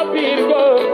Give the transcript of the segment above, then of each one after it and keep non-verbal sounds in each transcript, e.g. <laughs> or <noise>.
a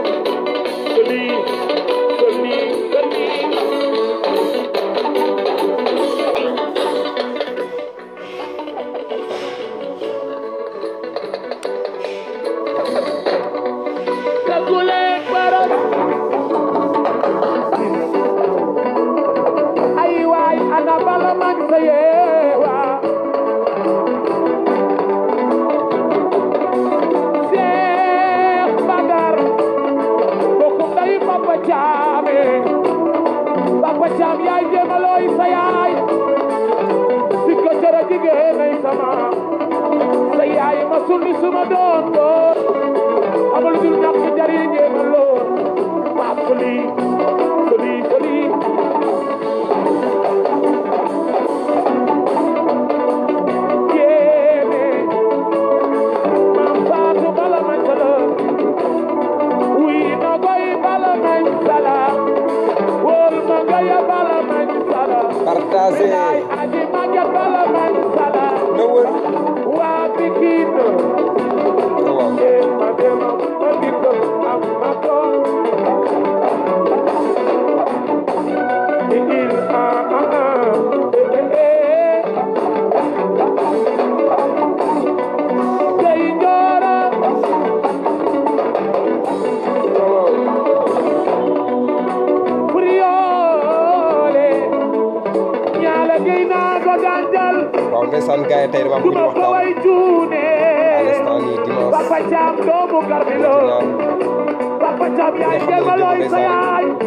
nga xam ne jël na saan def nañ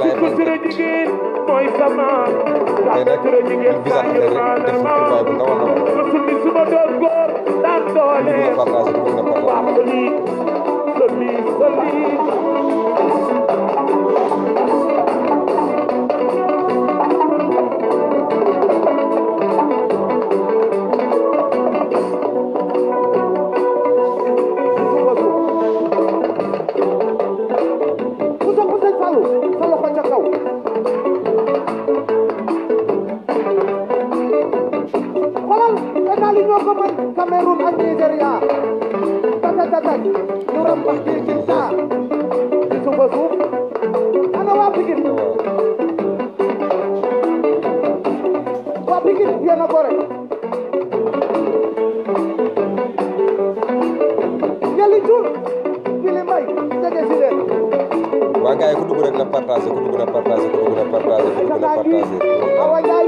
laay fan tey nag ñu bisaat ne rek def turbaay bu ndaw a ndaw dugg na partage dugg na partage kudu dapat rasa kudu dapat rasa kudu dapat rasa kudu rasa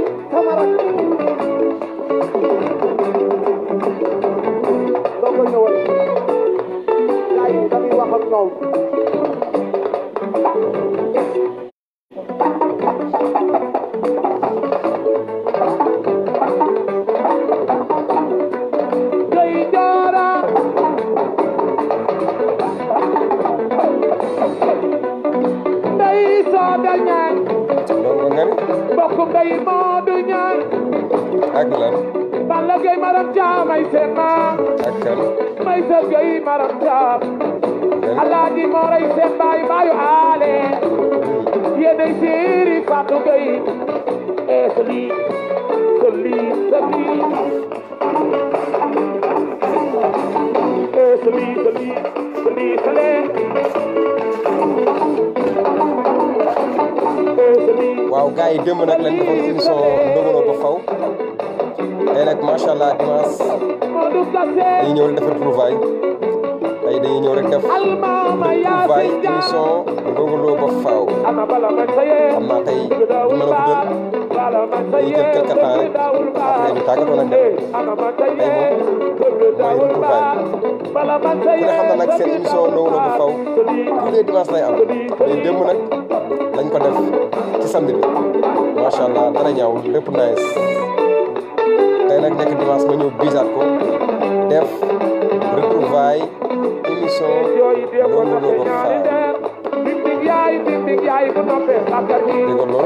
démb nag lañ defoon émission Ndogolo ba faw tey nag macha allah dimanche dañuy ñëw rek def retrouvaille ñëw rek def ba faw xam a nag dem tey moom mooy xam na nag seen émission Ndogolo ba faw tous nag. lañ ko def ci samedi bi allah dara ñaawul lépp nice tey nag nekk dimanche ma ñëw biisaat ko def retrouvaille émission Ndongo Lo Go Fall dégg nga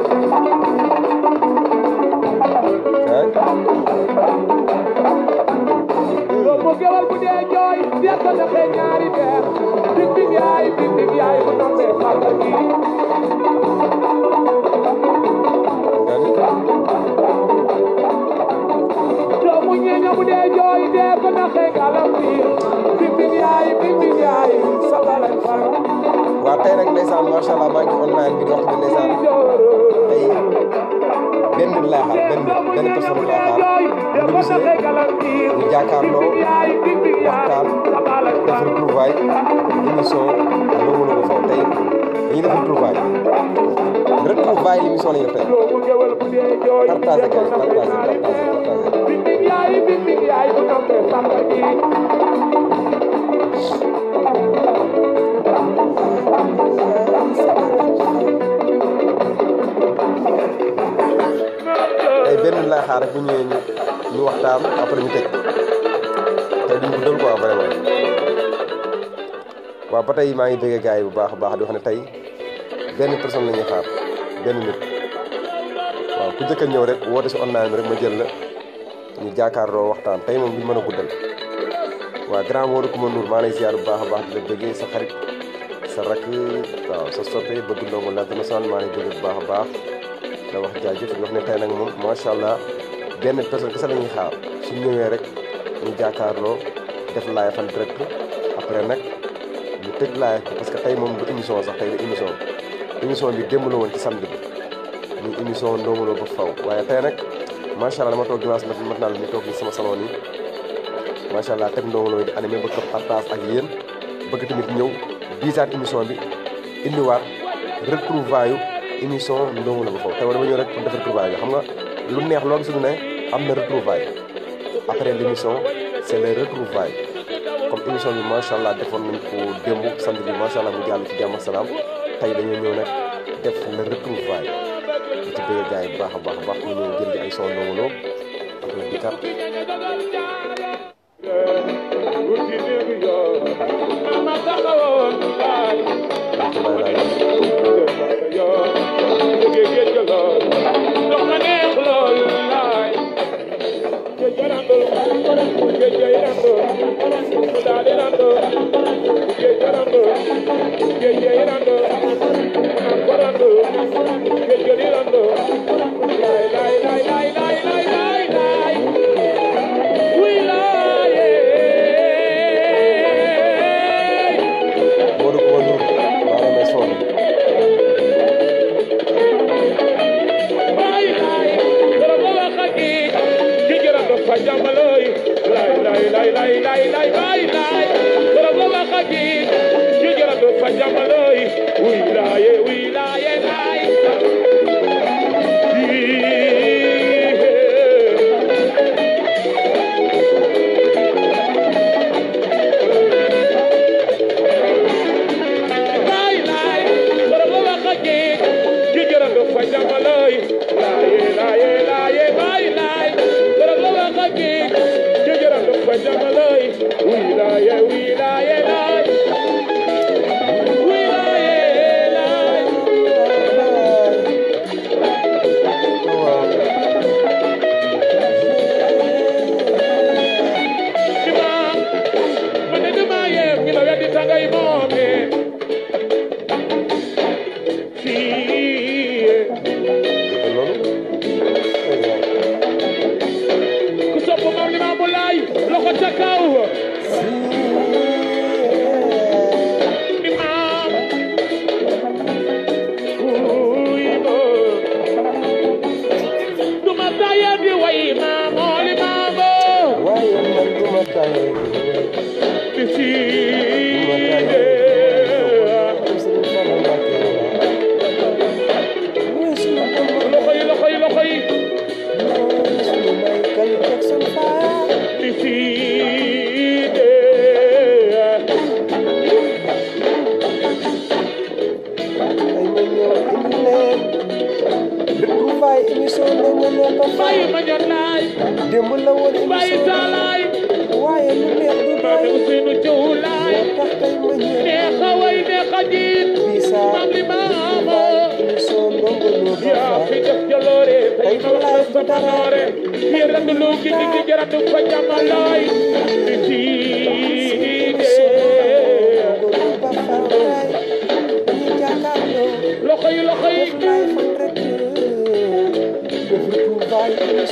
loolu mu gewal bu dee jooy dee ko naxee galam bi bimbin yaay bimbin yaay sabala far waaw tey rek ndeysaan macha allah maa ngi online bi wax bi ndeysaan tey benn nit laa xaar benn nit benn personne laa xaar bu ñu gisee ñu jàkkaarloo waxtaan def retrouvaille émission Ndongo Lo Show tey dañuy def retrouvaille retrouvaille l'émission la ñu tey partagé kay partagé partagé partagé yaay tey benn lay xaar bu ñëwee ñu ñu waxtaan après ñu tëj te duñ ko dël quoi vraiment waaw ba tey maa ngi bëggee gars yi bu baax a baax di wax ne tey benn personne la xaar benn nit waaw ku njëkk ñëw rek woote si online rek ma jël la ñu jàkkaarloo waxtaan tey moom duñ mën a guddal waa grand Modou Coumba Ndour maa lay ziar bu baax a baax di la bëggee sa xarit sa rakk waaw sa soppe bëgg ndongo l'international maa lay bëggee bu baax a baax da wax jaajëf di ne tey nag moom macha allah benn personne kese la ñuy xaar su ñëwee rek ñu jàkkaarloo def live en direct après nag ñu tëj live bi parce que tey moom bu émission sax tey du émission émission bi démb la woon ci samedi bi muy émission Ndongo ba faw waaye tey nag. macha allah dama toog dimanche mat naa la ñu toog ni sama salon yi macha allah teg Ndongo Lo di bëgg ko partage ak yéen bëgg tamit ñëw diisaat émission bi indiwaat retrouvailles émission Ndongo Lo ba foofu. tey dama ñëw rek pour def bi xam nga lu neex loo gis ne am na retrouvailles après l' émission c' est les retrouvailles comme émission bi macha allah defoon nañ ko démb sant bi macha allah mu jàll ci jàmm ak salaam tey dañoo ñëw nag def le retrouvailles. téye gars yi bu baax a baax a baax ñu ñëw jëndi ay son Ndongo Lo 24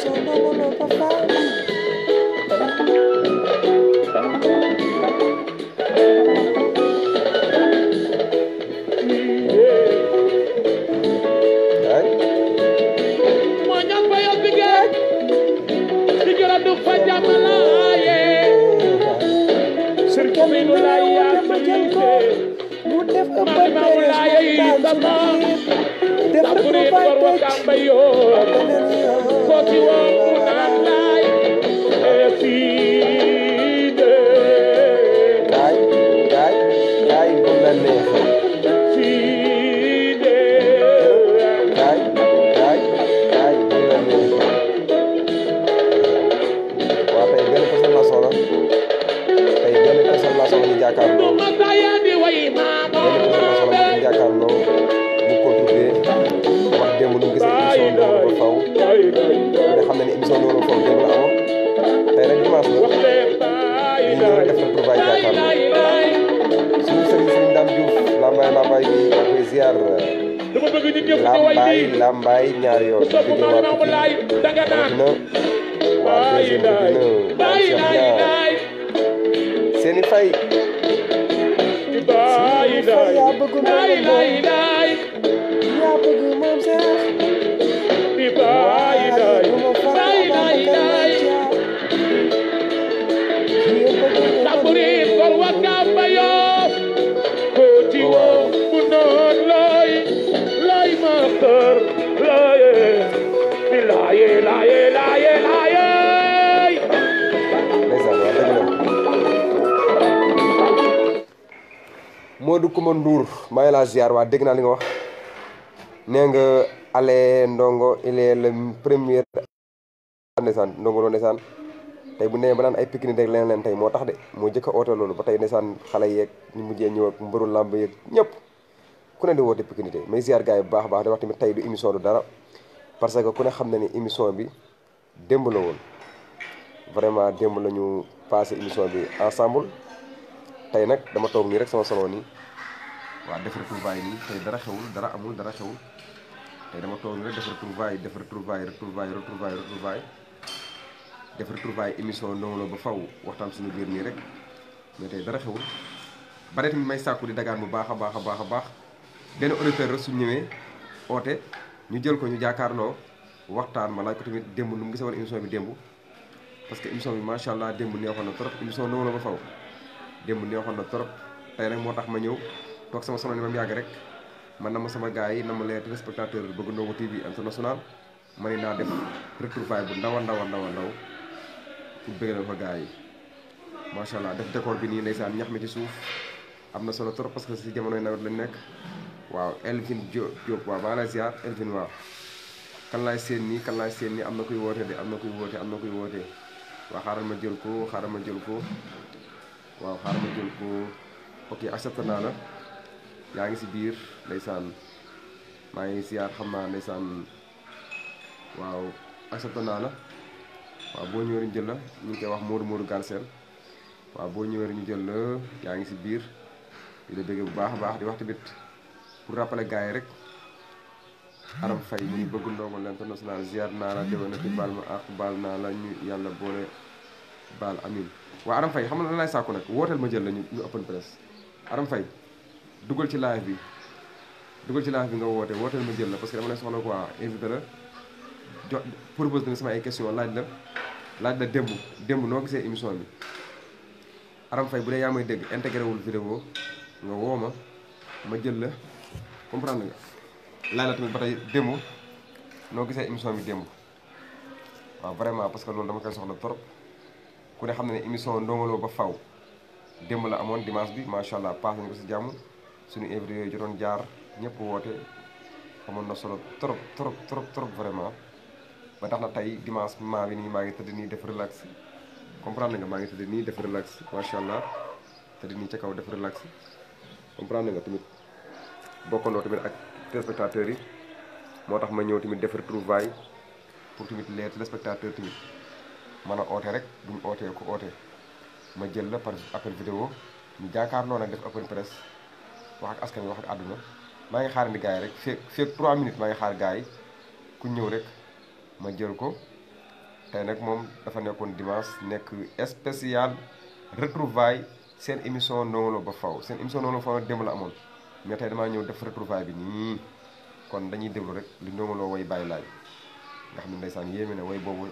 Christ. bëgg moom laay laay laay yaa bëgg moom sax Kumba Ndour maa ngi laa ziar waa dégg naa li nga wax nee nga Allé Ndongo il est le premier ndeysaan Ndongo Lo ndeysaan tey bu nee ba naan ay Pikine rek leneen leen tey moo tax de moo jëkk a loolu ba tey ndeysaan xale yeeg ñu mujjee ñëw ak mbëru làmb yeeg ñëpp ku ne di woote Pikine tey may ziar gars yi bu baax baax di wax tamit tey du émission du dara parce que ku ne xam na ni émission bi démb la woon vraiment démb lañu ñu émission bi ensemble tey nag dama toog waaw def retrouvailles ni tey dara xewul dara amul dara xewul tey dama toog rek def retrouvailles def retrouvailles retrouvailles retrouvailles retrouvailles def retrouvailles émission Ndongo Lo ba faw waxtaan suñu biir nii rek mais tey dara xewul bare tamit may sàkku di dagaan bu baax a baax a baax a baax benn auditeur rek su ñëwee oote ñu jël ko ñu jaakaarloo waxtaan ma laaj ko tamit démb nu mu gisee woon émission bi démb parce que émission bi macha allah démb neexoon trop émission Ndongo Lo ba faw démb neexoon trop tey nag moo ma ñëw toog sama sonal ni ma mu yàgg rek man na ma sama gars yi na ma leen téléspectateur bëgg Ndongo TV international ma ne naa def retrouvaille bu ndaw a ndawa a ndaw a ndaw pour bëggal fa gaa yi macha allah def décor bi nii ndeysaan ñax mi ci suuf am na solo trop parce que si jamonoy nawet lañu nekk waaw Elvin Diop waaw maa lay waaw kan laay seen nii kan laay seen nii am na kuy woote de am na kuy woote am na kuy woote waaw xaaral ma jël ko xaaral ma jël ko waaw xaaral ma naa la yaa ngi si biir ndeysaan maa ngi siyaar xam naa ndeysaan waaw accepté naa la waaw boo ñëwee ñu jël la ñu ngi koy wax Modou Modou Galsen waaw boo ñëwee ñu jël la yaa ngi ci biir di la bëgg bu baax a baax di wax tamit pour rappeler gars yi rek Aram Faye mu ngi bëgg ndongo l'international ziar naa la déwénati baal ma ak baal naa la ñu yàlla boole baal amin waaw Aram Fay xam nga lan laay sàkku nag wooteel ma jël la ñu ñu open press Aram Fay dugal ci live bi dugal ci live bi nga wootee wooteel ma jël la parce que dama lay soxla quoi invité la jo propose na sama ay question laaj la laaj la démb démb noo gisee émission bi Aram bu dee yaa dégg intégré wul vidéo nga ma ma jël la comprendre nga laaj tamit ba tey démb noo gisee émission bi démb waaw vraiment parce que loolu dama koy soxla trop ku ne xam ne ne émission Ndongo ba faw démb la amoon dimanche bi macha allah paas nañu ko si jàmm suñu invité yooyu jotoon jaar ñëpp woote amoon na solo trop trop trop trop vraiment ba tax na tey dimanche maa bi nii maa ngi tëdd nii def relax comprendre nga maa ngi tëdd nii def relax macha allah tëdd nii ca kaw def relax comprendre nga tamit bokkandoo tamit ak téléspectateurs yi moo tax ma ñëw tamit def retrouvaille pour tamit les téléspectateurs tamit mën a oote rek duñ ootee ko oote ma jël la par appel vidéo ñu jaakaarloo nag def open presse wax ak askan wi wax ak àdduna maa ngi xaarandi gars yi rek fekk fekk 3 minutes maa ngi xaar gars yi ku ñëw rek ma jël ko tey nag moom dafa nekkoon dimanche nekk spécial retrouvaille seen émission Ndongo ba faw seen émission Ndongo Lo ba faw démb la amoon mais tey damaa ñëw def retrouvaille bi nii kon dañuy déglu rek li Ndongo Lo way bàyyi laay nga xam ne ndeysaan yéeme na way boobu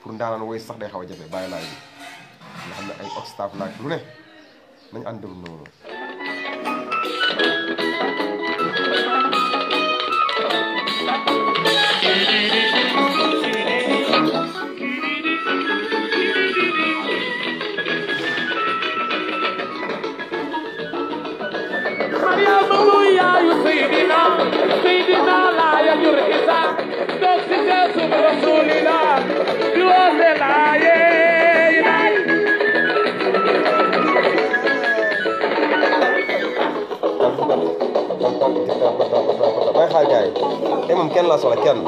pour ndaanaan way sax day xaw a jafe bàyyi laay bi nga xam ne ay lu ne nañu ànd déglu Ndongo may xaar gars moom kenn laa soxla kenn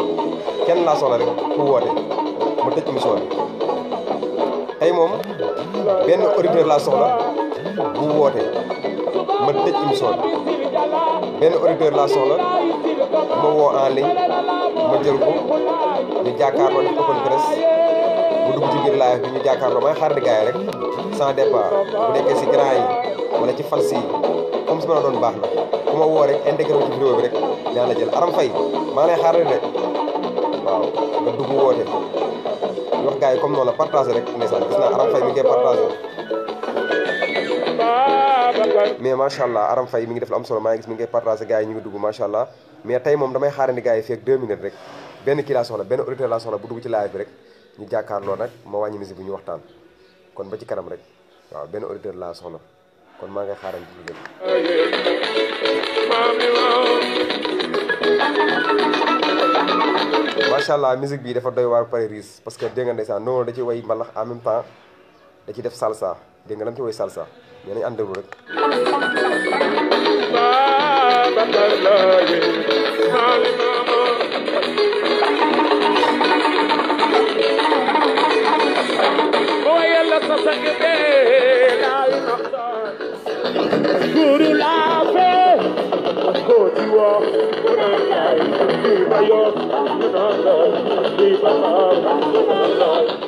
kenn laa soxla rek ku woote ma tëj émission bi moom benn auditeur laa soxla bu woote ma tëj émission benn auditeur laa soxla ma woo en ligne ma jël ko ñu jàkkaarloo def open press bu dugg ci biir live bi ñu jàkkaarloo may xaar di yi rek sans départ bu nekkee si grand yi wala ci fans yi comme su ma la doon baax na ku ma woo rek intégré wu ci vidéo bi rek dinaa la jël Aram Faye maa lay xaaral rek waaw nga dugg woote wax gars yi comme noonu la partagé rek ndeysaan gis naa Aram Faye mi ngi koy partagé mais machallah aram fay mi ngi def lu am solo ma ngi gis mi ngi partager gaay ñi ngi dugg machallah mais tay mom damay xaarandi gaay fi ak 2 minutes rek ben ki la soxla ben auditeur la soxla bu dugg ci live bi rek ñu jàkkaarloo nak ma wañi musique bu ñu waxtaan kon ba ci kanam rek waaw ben auditeur la soxla kon ma ngay xaarandi ci léegi machallah musique bi dafa doy waar pare riis parce que dégg nga ndeysaan noonu da ci way malax en même temps da ci def salsa dégg nga lam ci woy salsa nee nañ ànd rek Thank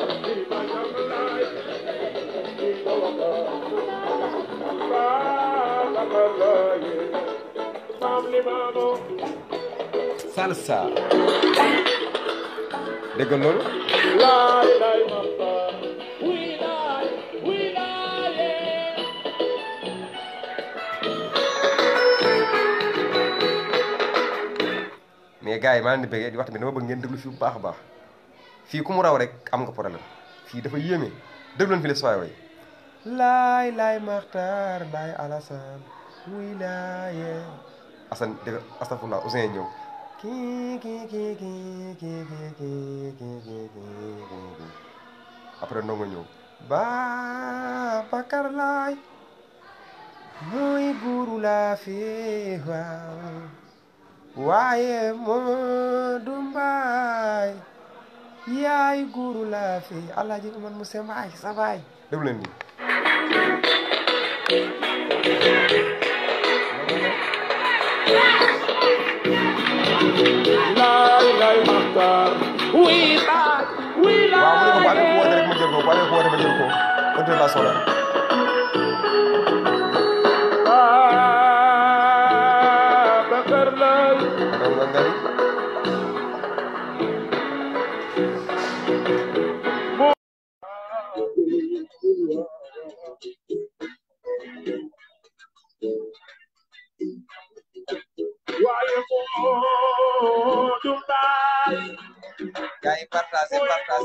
you. salsa dégg loolu laay laay eh, wi mais gars di bëggee di waxtu bi dama bëgg ngeen bu baax a baax fii ku raw rek am nga problème fii dafa yéeme déglu leen fi les soy wilaaye asan dëgg astafurlah Ousseyn ñëw kii kii kii kii kii kii kii après ndongo ñëw Babacar Laay mooy buuru laa fi waaw waaye Moodu Mbaay yaay guuru laa fi Alaaji Umar Muse Mbaay sa baay déglu leen nii waaw mu ne ko baale ko woo rek ma jël ko baale ko woo rek ma jël ko continué naa soxla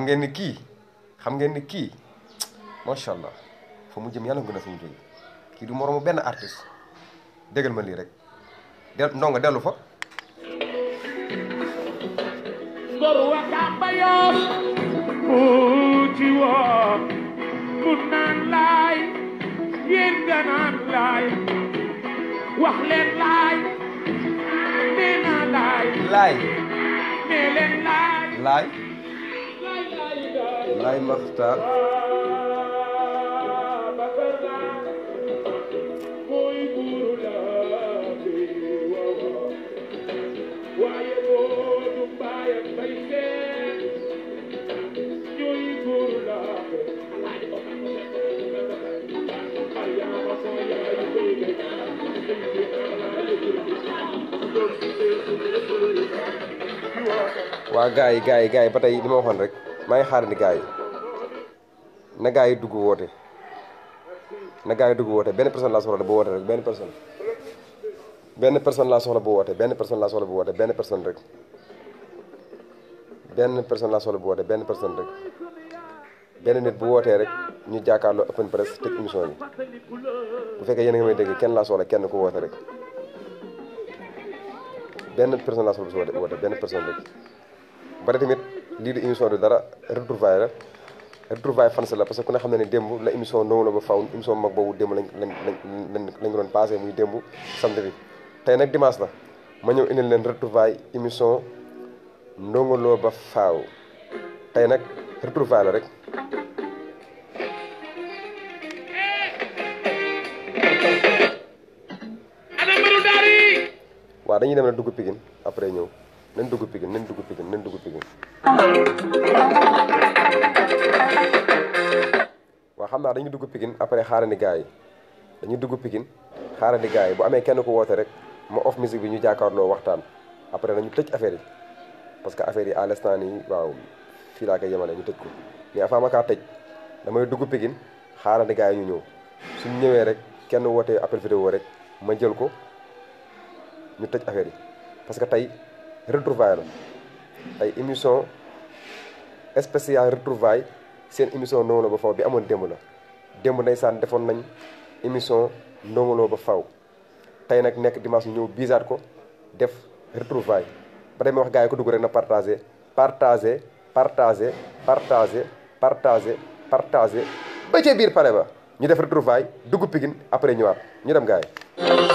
xam ngeen ni kii xam ngeen ni kii macha allah fa mu jëm yàlla gën a fa mu jóge kii du moromu benn artiste dégal ma lii rek del ndongo dellu fa ngor waka bayoon uti Laay Maxtaar waa gars yi gars yi gars yi ba tey li ma waxoon rek maa ngi xaarandi gars yi na gars yi dugg woote na gars yi dugg woote benn personne laa soxla bu woote rek benn personne benn personne laa soxla bu woote benn personne laa soxla bu woote benn personne rek benn personne laa soxla bu woote benn personne rek benn nit bu wootee rek ñu jàkkaarloo open press teg bi bu fekkee yéen a dégg kenn laa soxla kenn ku woote rek benn personne laa soxla bu woote benn personne rek ba tamit lii di émission du dara retrouvaille la retrouvaille fans la parce que ku ne xam ne ne démb la émission noonu la ba faw émission mag boobu démb lañ lañ lañ lañ doon passé muy démb samedi bi tey nag dimaas la ma ñëw indil leen retrouvaille émission Ndongo ba faaw tey nag retrouvaille la rek waa dañuy dem na dugg Pikine après ñëw nañ dugg Pikine nañ dugg Pikine nañ dugg Pikine waaw xam naa dañu dugg Pikine après xaarandi gars yi dañu dugg Pikine xaarandi gars yi bu amee kenn ku wootee rek ma off musique bi ñu jàkkaarloo waxtaan après nañu tëj affaire yi parce que affaire yi à l'instant nii waaw fii laa koy ñu tëj ko mais avant ma damay dugg Pikine yi ñu ñëw suñu ñëwee rek kenn wootee appel vidéo rek ma jël ko ñu tëj affaire yi tey retrouvailles la ay émission spéciale retrouvailles seen émission Ndongo Lo ba faw bi amoon démb la nay ndeysaan defoon nañ émission Ndongo ba faw tey nag nekk dimanche ñëw biisaat ko def retrouvailles ba demee wax gars yi ko dugg rek na partagé partagé partagé partagé partagé partagé ba ca biir pare ba ñu def retrouvailles dugg Pikine après ñëwaat ñu dem gaa yi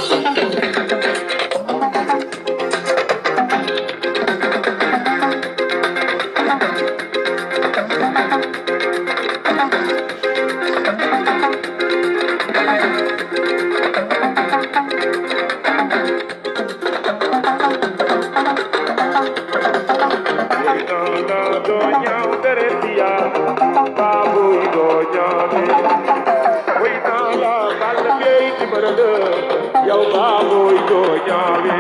joowe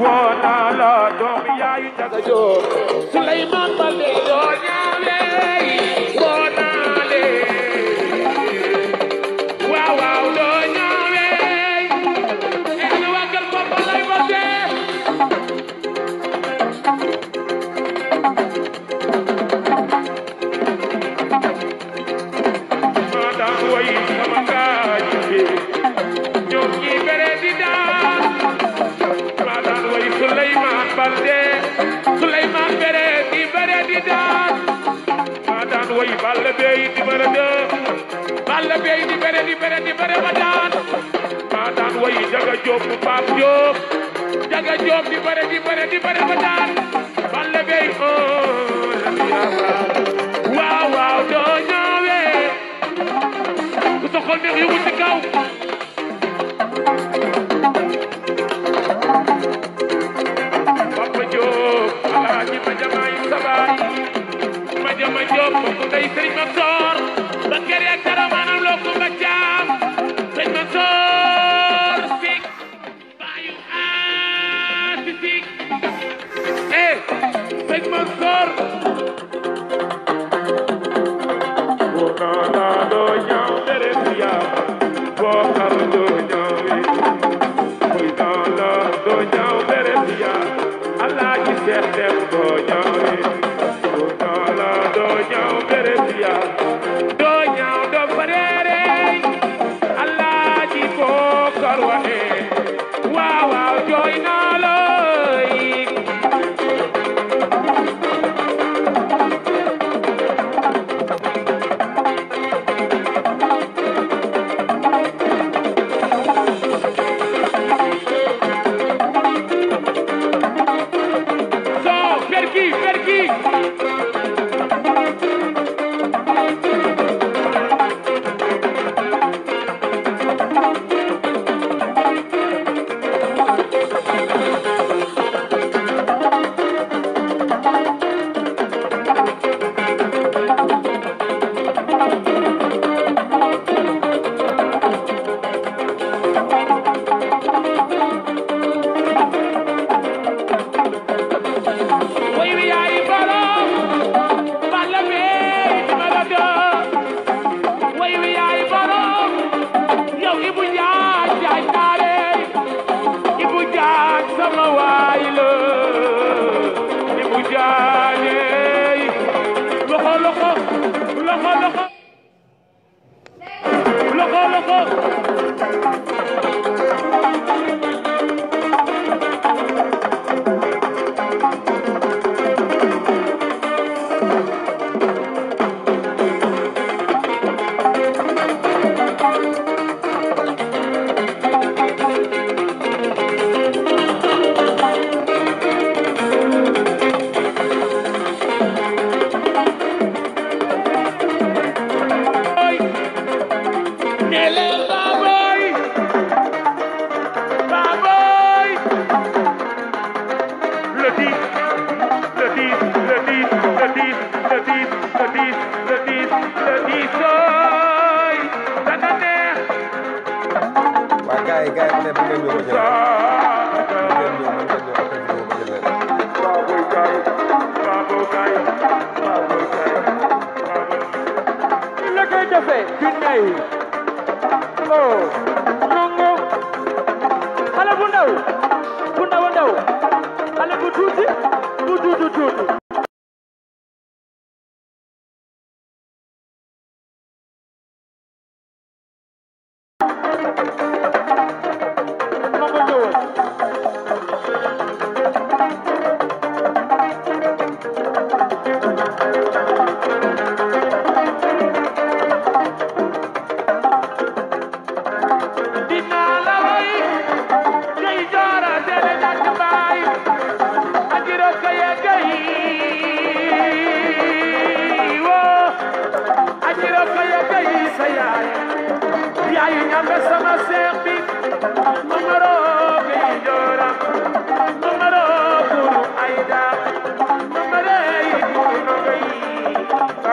woo naa la doom yaayu jaga joob Suleymaan Balde doo ñaawe Balla Bey di bëre di bëre di bëre ba daan maa daan wayi Jaga Jóob bu Paap Jóob Jaga Jóob di bëre di bëre di bëre ba daan Balla Bey oo waaw waaw doo ñëwee ku sa xol neex yóbbu ci kaw Papa Jóob alaaji ma jamaay sabaay Ibrahima Diop bokk ndey sëñ Mame Sor ba kër ya ak dara maanaam loo ko gars yi bu ngeen ñëw ma jëlee koy defee ndaw bu ndaw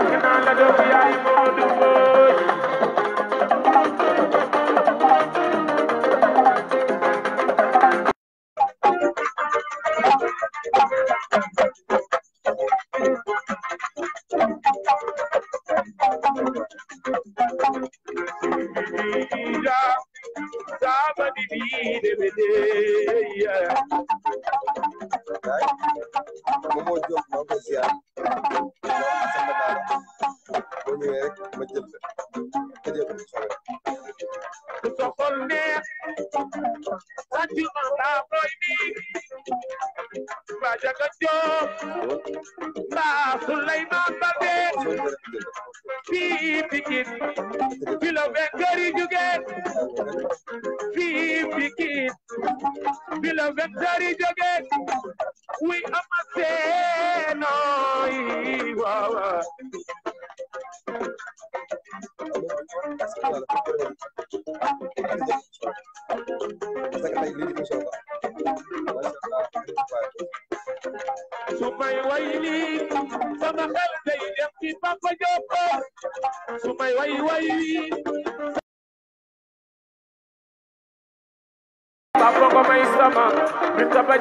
Thank you.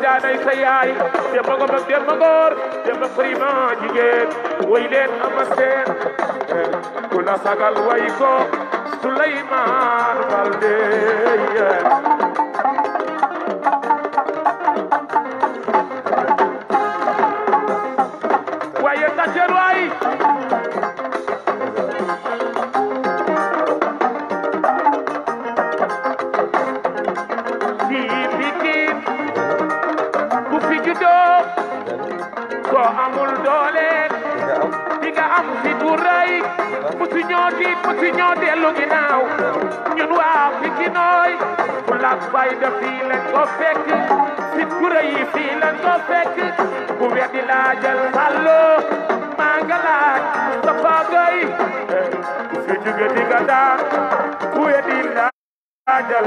jaaday sa yaay demba ko mag demba góor demba prima jigéen way leen ama seen ku la sagal way ko Souleymane Baldé ku ci ñoo dellu ginnaaw ñun waa Pikinooy ku la fayda fii leen ko fekk si tura yi fii leen ko fekk ku laajal allo maa nga laaj Moustapha Gueye si jóge di nga daan ku weddi laajal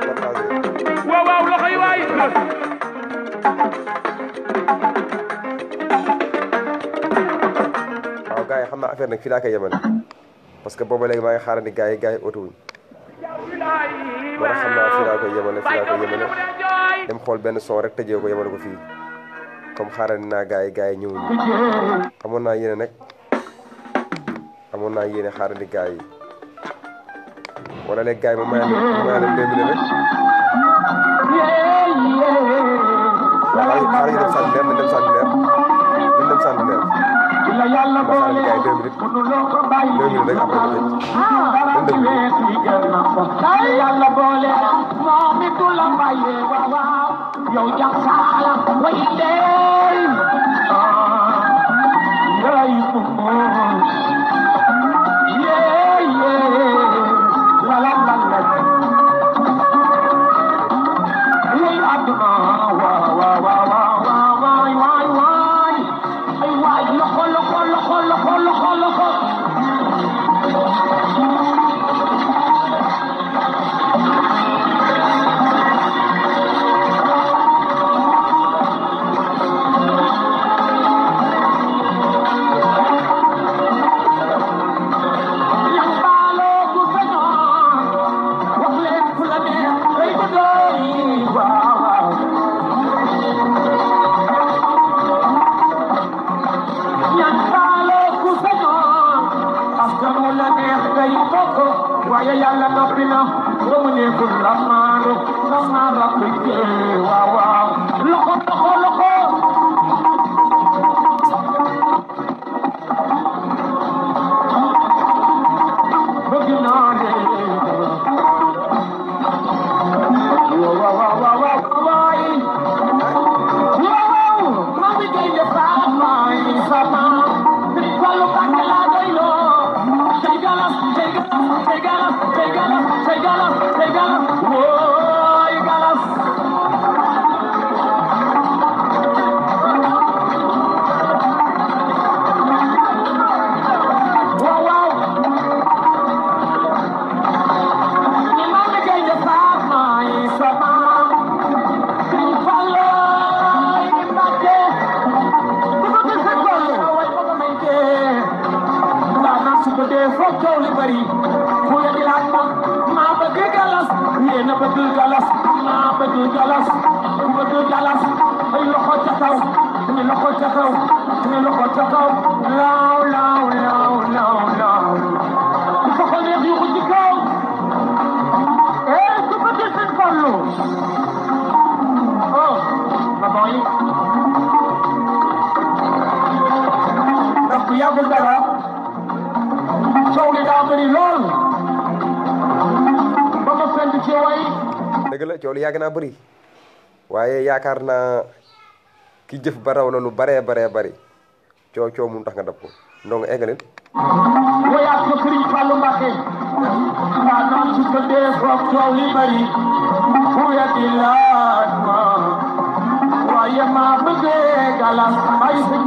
affaire nag fii laa parce que booba léegi maa ngi xaarandi gars yi gars xam naa fii dem xool benn son rek tëjee ko yemale ko fii comme xaarandi naa gars yi gars yi ñëwuñu amoon naa yéene nag amoon naa yéene xaarandi gars yi wala léegi gars ma mayaa leen mayaa leen deux minutes rek waaw xaaral ñu dem sànni leer na la yàlla boole mënuloo ko bàyyi local ah. dara ci wéet yi gën na ko la yàlla boole moom it du la bàyyi waawaaw yow jax saala way leen ah. ay tax coow li bari ku ya di laaj ma maa bëgg galas yéen a bëgg galas maa bëgg galas ku bëgg galas ay loxo ca kaw ni loxo ca kaw ni loxo ca kaw laaw laaw laaw laaw laaw ku ko neex yu ko ci kaw eh ku bëgg seen fallu oh ma boy ndax ku yàgg dara dëgg la coow li yàgg naa bëri waaye yaakaar naa ki jëf ba raw lu baree baree bëri coow coow mu tax nga dab ko ndongo eggalil woyaat ko Sëriñ Fallu Mbàkke ndaa li laaj ma waaye maa bëggee sëñ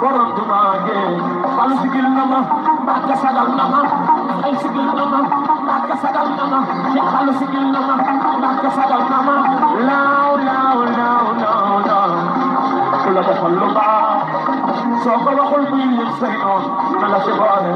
borom du maa ay sigil na ma Mbacké sagal na ma ay sigil na ma Mbacké sagal na ma ya xalu sigil na ma Mbacké sagal na ma laaw laaw laaw laaw laaw ku la defal lu baax soo ko waxul buy yëg say noon na la ci boole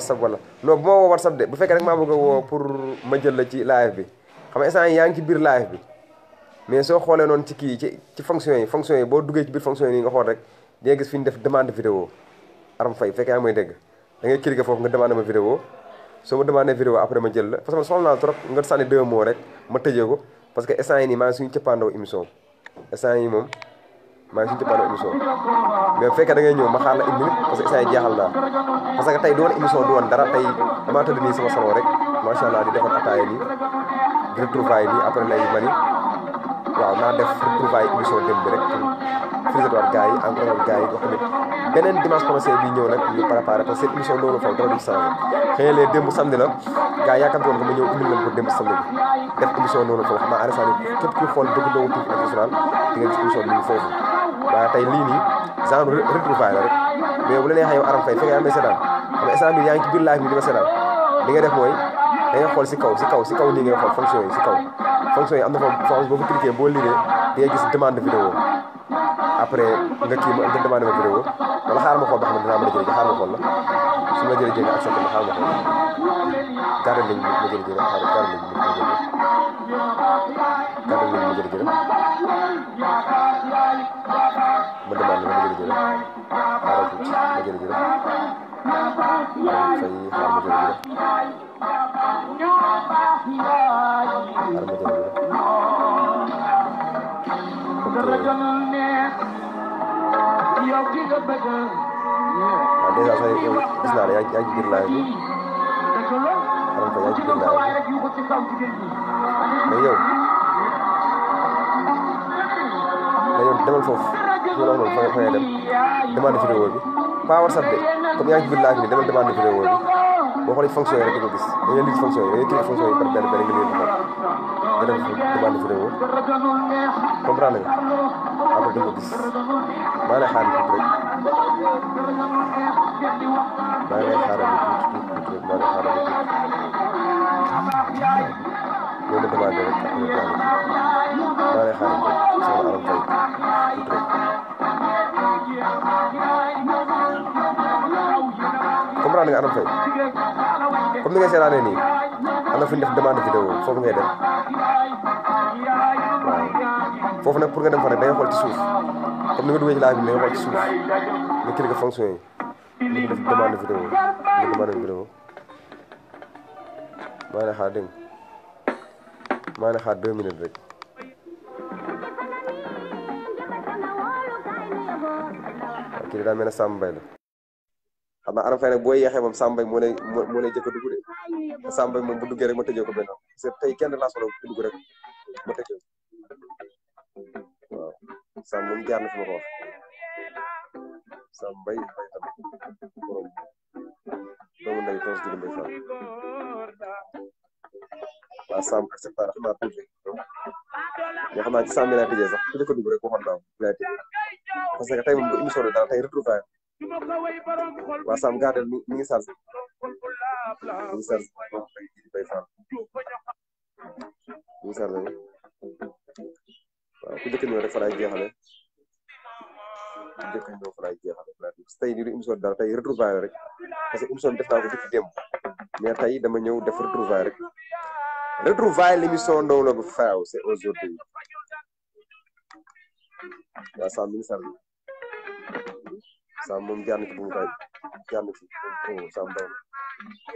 whatsapp wala non bu ma woo whatsapp de bu fekkee rek maa bëgg woo pour ma jël la ci live bi xam nga instant yaa ngi ci biir live bi mais soo xoolee noonu ci kii ci ci fonction yi fonction yi boo duggee ci biir fonction yi nga xool rek di nga gis fi ñu def demande vidéo aram fay fekkee yaa may dégg da ngay cliquer foofu nga demandé ma vidéo soo ma demandé vidéo après ma jël la parce que soxla naa trop nga sànni deux mots rek ma tëjee ko parce que instant yi nii maa ngi suñu cëppaandaw émission yi moom maa ngi suñu tëppaandoo émission mais bu fekkee da ngay ñëw ma xaar la une minute parce que isaan jaaxal naa parce que tey du woon émission du woon dara tey damaa tëdd nii sama salon rek macha di defar ataaya nii di retrouvaille nii après lay mani waaw naa def retrouvaille émission démb bi rek pour friser waat encore waat gars yi wax tamit beneen dimanche prochain bi ñëw nag ñu préparé parce que cette émission loolu faw dara du changé na léegi démb samedi la gars ko ma ñëw indil leen ko démb samedi bi def émission noonu faw xam naa maanaam tey lii nii genre retrouvaille la rek mais bu la neexee yow Arame Faye fekk yaa ngi ci biir live bi di ma seetaan li def mooy da nga si kaw si kaw si kaw nii ngay xool fonction yi si kaw fonction yi am na fa foo xam ne boo ko cliqué boo di nga demande vidéo après nga kii ma nga demandé ma vidéo wala xaar ma xool ba xam ne dinaa mën a jërëjëf xaar ma xool la su ma jërëjëf nga accepté ma xaar ma xool gardé nañ ma jërëjëf xaar gardé nañ ma jërëjëf ma demande ma dëgg dëgg xaaral tuuti ma dëgg dëgg xaaral fay xaaral ma dëgg dëgg xaaral ma dëgg waaw dèjà sax yow gis naa ne yaa yaa ngi ci biir laaj bi xaaral fay yaa ngi ci biir laaj bi mais yow mais yow demal foofu. ñu ne loolu fa nga fa nga dem demande vidéo bi pas WhatsApp de comme yaa ngi laaj bi demal demande vidéo bi ko gis da ngay lire fonction yi da ngay cliquer fonction nga leen di xool nga dem demande vidéo comprendre nga après di ko gis maa ngi lay xaar tuuti comprendre nga Anam Faye comme ni ngay seetaanee nii am na fu ñu def demande vidéo foofu ngay dem foofu nag pour nga dem fa nag da xool ci suuf comme ni nga duggee ci laaj bi da nga xool ci suuf nga cliquer fonction yi ñu def demande vidéo nga demande vidéo maa ngi xaar dégg maa ngi xaar deux minutes rek. bi daa mel ne Samba Mbaye la xam naa Arame Faye nag boo yeexee moom Samba Mbaye moo jëkk a dugg de Samba Mbaye ma tëjee ko benn parce que tey kenn laa soxla bu dugg rek ma tëjee waaw jaar na fi ma ko wax Samba Mbaye Mbaye tamit borom doomu nday toos sax ku njëkk a rek waxoon naa laa tëjee parce que tey moom du émission bi daal tey retrouvaille waa mi ngi sal mi sal moom tey jii bay faal mi ngi sal waaw ku njëkk ñëw rek fa laay jeexale ku njëkk ñëw fa laay jeexale tey nii bi daal tey retrouvaille rek parce que émission bi def naa ko depuis tey dama ñëw def retrouvaille rek retrouvaille l'émission Ndongo Lo bu Faraw c'est aujourd'hui sambil sambil sambil sa moom jaar na ci bu oh koy karena aku ci bu sa mbay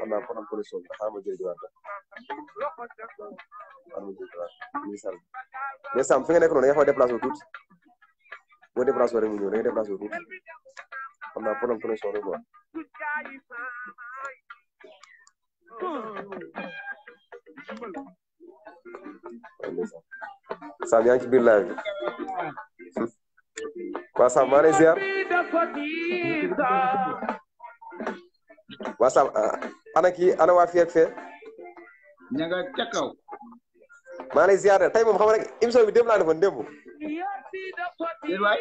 xanaa kon am connexion bi xaaral ma jël diwaan rek xaaral ma jël diwaan ministère bi mais sam fi nga nekk noonu da nga xaw a déplacé tuuti boo déplacé yang ci WhatsApp mana Ziar? WhatsApp eh, ana kii ana wa fii ak fee. ña Mana sih kaw. Tapi mau ziar tey moom xam rek émission bi démb laa defoon démb. démb waay.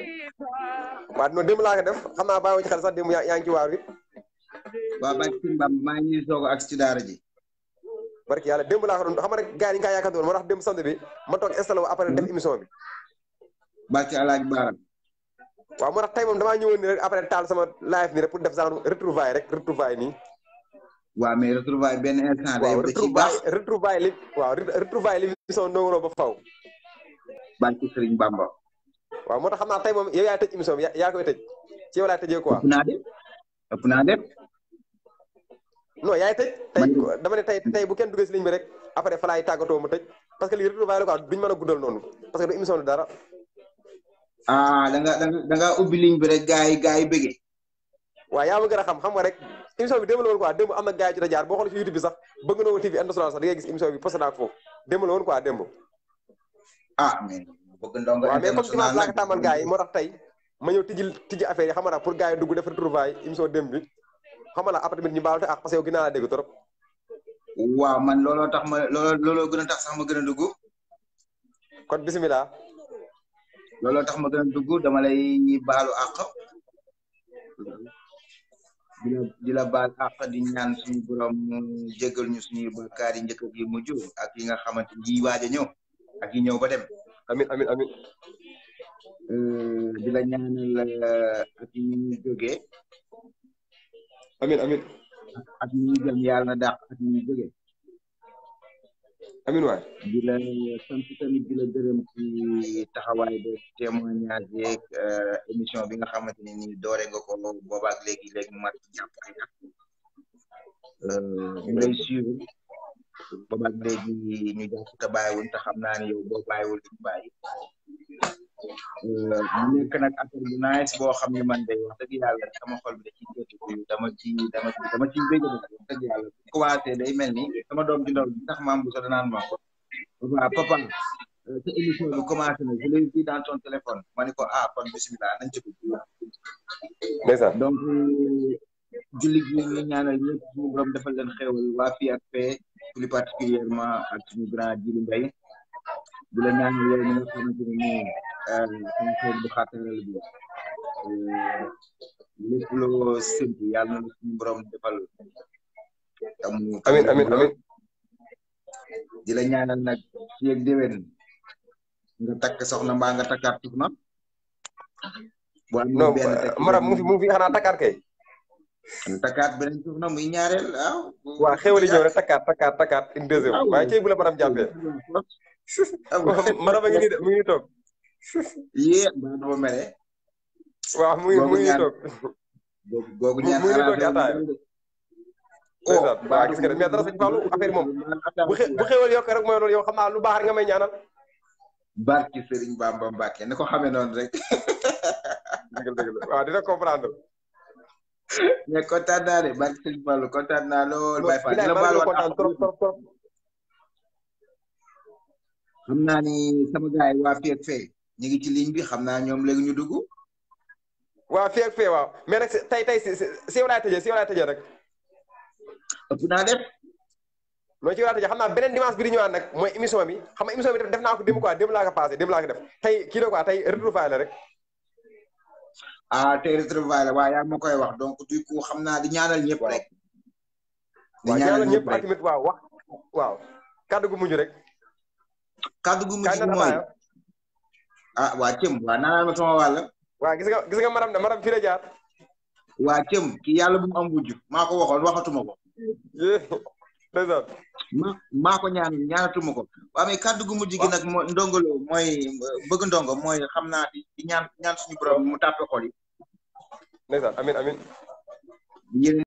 waaw non démb def xam naa ci xel sax démb ngi wi. ba ci mbam ngi ak ci ji. barki yàlla démb laa ko doon xam rek tax bi ma waaw moo tax tay moom damaa ñëwoon ni rek après taal sama live nii rek pour def genre retrouvaille rek retrouvaille ni waaw mais retrouvaille benn instant. day baax waaw retrouvaille li waaw retrouvaille l'émission Ndongo Lo ba faw. barke Serigne waaw moo tax xam naa tey moom yow yaay tëj émission bi yaa koy tëj ci yow laay tëjee quoi. ëpp naa def ëpp naa def. non yaay tëj. tey dama ne tey bu kenn duggee bi rek après fa laay tàggatoo mu tëj parce que lii retrouvaille la quoi duñ mën a guddal noonu parce que du émission dara. a ah, da nga da bi rek gars yi gars yi bëggee. waaw yaa ma gën xam xam nga rek émission bi démb la woon quoi am na gars yi ci la jaar boo xoolee bi sax bëgg na woon TV international sax da ngay gis émission bi posé naa ko foofu démb la woon quoi démb. ah mais bëgg ndongo international waaw mais comme ci ma laaka tàmmal gars yi moo tey ma ñëw tijji affaire yi xam nga pour gars yi dugg def retrouvaille émission démb bi xam nga après tamit ñu baal te ah parce que yow ginnaaw laa trop. waaw man looloo tax ma looloo looloo gën a tax sax ma gën a dugg. kon bisimilah. lolo tax ma gën a dugg dama lay baalu àq di la di la baal àq di ñaan suñu borom jégal ñu suñuy yi ak yi ak yi nga yi ñëw ak yi ñëw ba dem. amin amin amin di la ñaanal ak yi ñu amin amin ak yi ñu jëm yàlla na ak ñu amin waay di la sant tamit di la de témoignage yeeg euh, émission bi nga xamante ne nii doore nga ko boobaak léegi léegi mat jàpp ay at ñu lay suivre ñu jàpp te bàyyiwul te xam naa ne yow boo bàyyiwul duñ bàyyi mu nekk nag affaire bu nice boo xam ne man de wax dëgg yàlla sama xol bi da ciy dama ci dama ci dama ciy bëgg wax dëgg yàlla bu day mel ni sama doom ji ndaw bi bu soo danaan ma ko waaw papa euh, sa émission bi ma ne ko ah kon bisimilah ko ndeysaan donc euh, jullit yi ñu ñaanal ñëpp suñu borom leen xéewal waa fii ak fee plus particulièrement ak suñu grand Djily Mbaye di la ñaan yooyu nga xamante ne nii suñu xëy bu xàttalal bi na suñu borom defal amin amin amin di la ñaanal nak ci ak dewen nga tak soxna ma nga takkaat soxna no maram mu fi mu fi xana takkaat kay takkaat benen suuf na muy ñaarel wa xewali jow rek takkaat takkaat takkaat une deuxième waaye cey bu la maram jambe maraba ngi nii mu ngi toog. yee man dama mere. waaw mu ngi mu ngi toog. googu ñaan mu ngi toog di ataaya. waaw naa lu baax rek nga may ñaanal. barki Serigne Bamba Mbacke ni ko xamee noonu rek. dëgg la dëgg la waaw dina comprendre. trop trop. xam naa ni sama gars yi waa feeg ñu ngi ci ligne bi xam naa ñoom léegi ñu dugg. waa feeg fee waaw mais tey tey si si si yow laay tëjee rek. ëpp naa dem mooy ci yow laay tëjee xam naa beneen dimanche bi di ñëwaat nag mooy émission bi xam nga émission bi def naa ko démb quoi démb laa ko passé démb laa ko def tey kii la quoi tey retrouvaille la rek. ah tey retrouvaille la waaw koy wax donc du xam naa di ñaanal ñëpp rek. di ñaanal ñëpp rek waaw gu mujj rek. kaddu gu mujj mooy ah waa cëm waa naanaan ma sama wàll. waa gis nga gis nga maram maram fii la jaar. waa cëm ki yàlla bu mu am wujj maa ko waxoon waxatuma ko. <laughs> ma maa ñaan ñaanatuma ko waaw mais kaddu gu mujj gi nag mooy bëgg ndongo mooy xam naa di ñaan suñu borom mu tàppe xol yi. ndeysaan amin amin